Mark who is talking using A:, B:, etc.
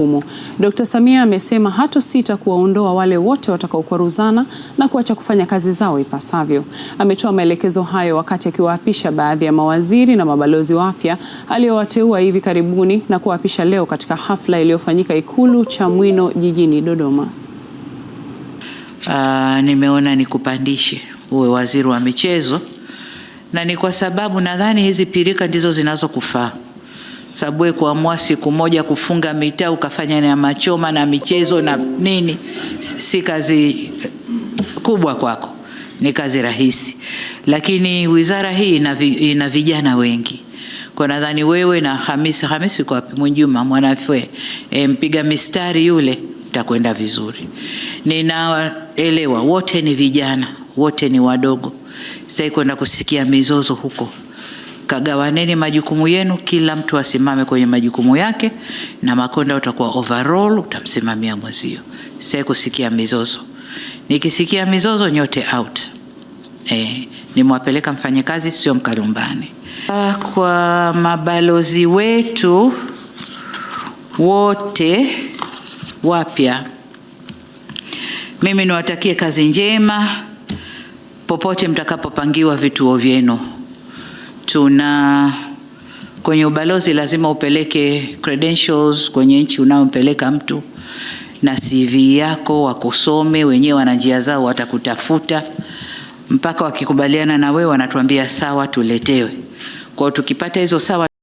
A: Humo. Dr. Samia amesema hatosita kuwaondoa wale wote watakaokwaruzana na kuacha kufanya kazi zao ipasavyo. Ametoa maelekezo hayo wakati akiwaapisha baadhi ya mawaziri na mabalozi wapya aliyowateua hivi karibuni na kuwaapisha leo katika hafla iliyofanyika Ikulu Chamwino jijini Dodoma.
B: Uh, nimeona nikupandishe uwe waziri wa michezo na ni kwa sababu nadhani hizi pirika ndizo zinazokufaa sababu wewe kuamua siku moja kufunga mitaa ukafanya na machoma na michezo na nini, si kazi kubwa kwako, ni kazi rahisi. Lakini wizara hii ina vijana wengi, kwa nadhani wewe na Hamisi, Hamisi kwa wapi? Mwinjuma Mwanafwe, e, mpiga mistari yule, takwenda vizuri. Ninaelewa wote ni vijana, wote ni wadogo. Sitaki kwenda kusikia mizozo huko kagawaneni majukumu yenu, kila mtu asimame kwenye majukumu yake, na Makonda utakuwa overall utamsimamia mwenzio. kusikia mizozo, nikisikia mizozo nyote out. eh, nimwapeleka mfanyakazi, sio mkalumbani. Ah, kwa mabalozi wetu wote wapya, mimi niwatakie kazi njema popote mtakapopangiwa vituo vyenu tuna kwenye ubalozi lazima upeleke credentials kwenye nchi unayompeleka mtu na CV yako, wakusome wenyewe, wana njia zao, watakutafuta mpaka wakikubaliana na wewe wanatuambia sawa, tuletewe. Kwa hiyo tukipata hizo sawa